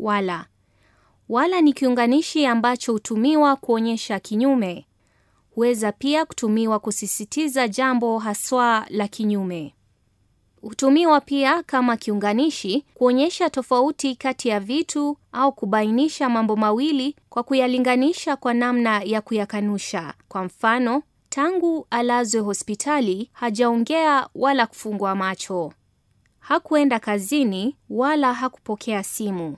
wala. Wala ni kiunganishi ambacho hutumiwa kuonyesha kinyume. Huweza pia kutumiwa kusisitiza jambo haswa la kinyume. Hutumiwa pia kama kiunganishi kuonyesha tofauti kati ya vitu au kubainisha mambo mawili kwa kuyalinganisha kwa namna ya kuyakanusha. Kwa mfano, tangu alazwe hospitali hajaongea wala kufungwa macho. Hakuenda kazini wala hakupokea simu.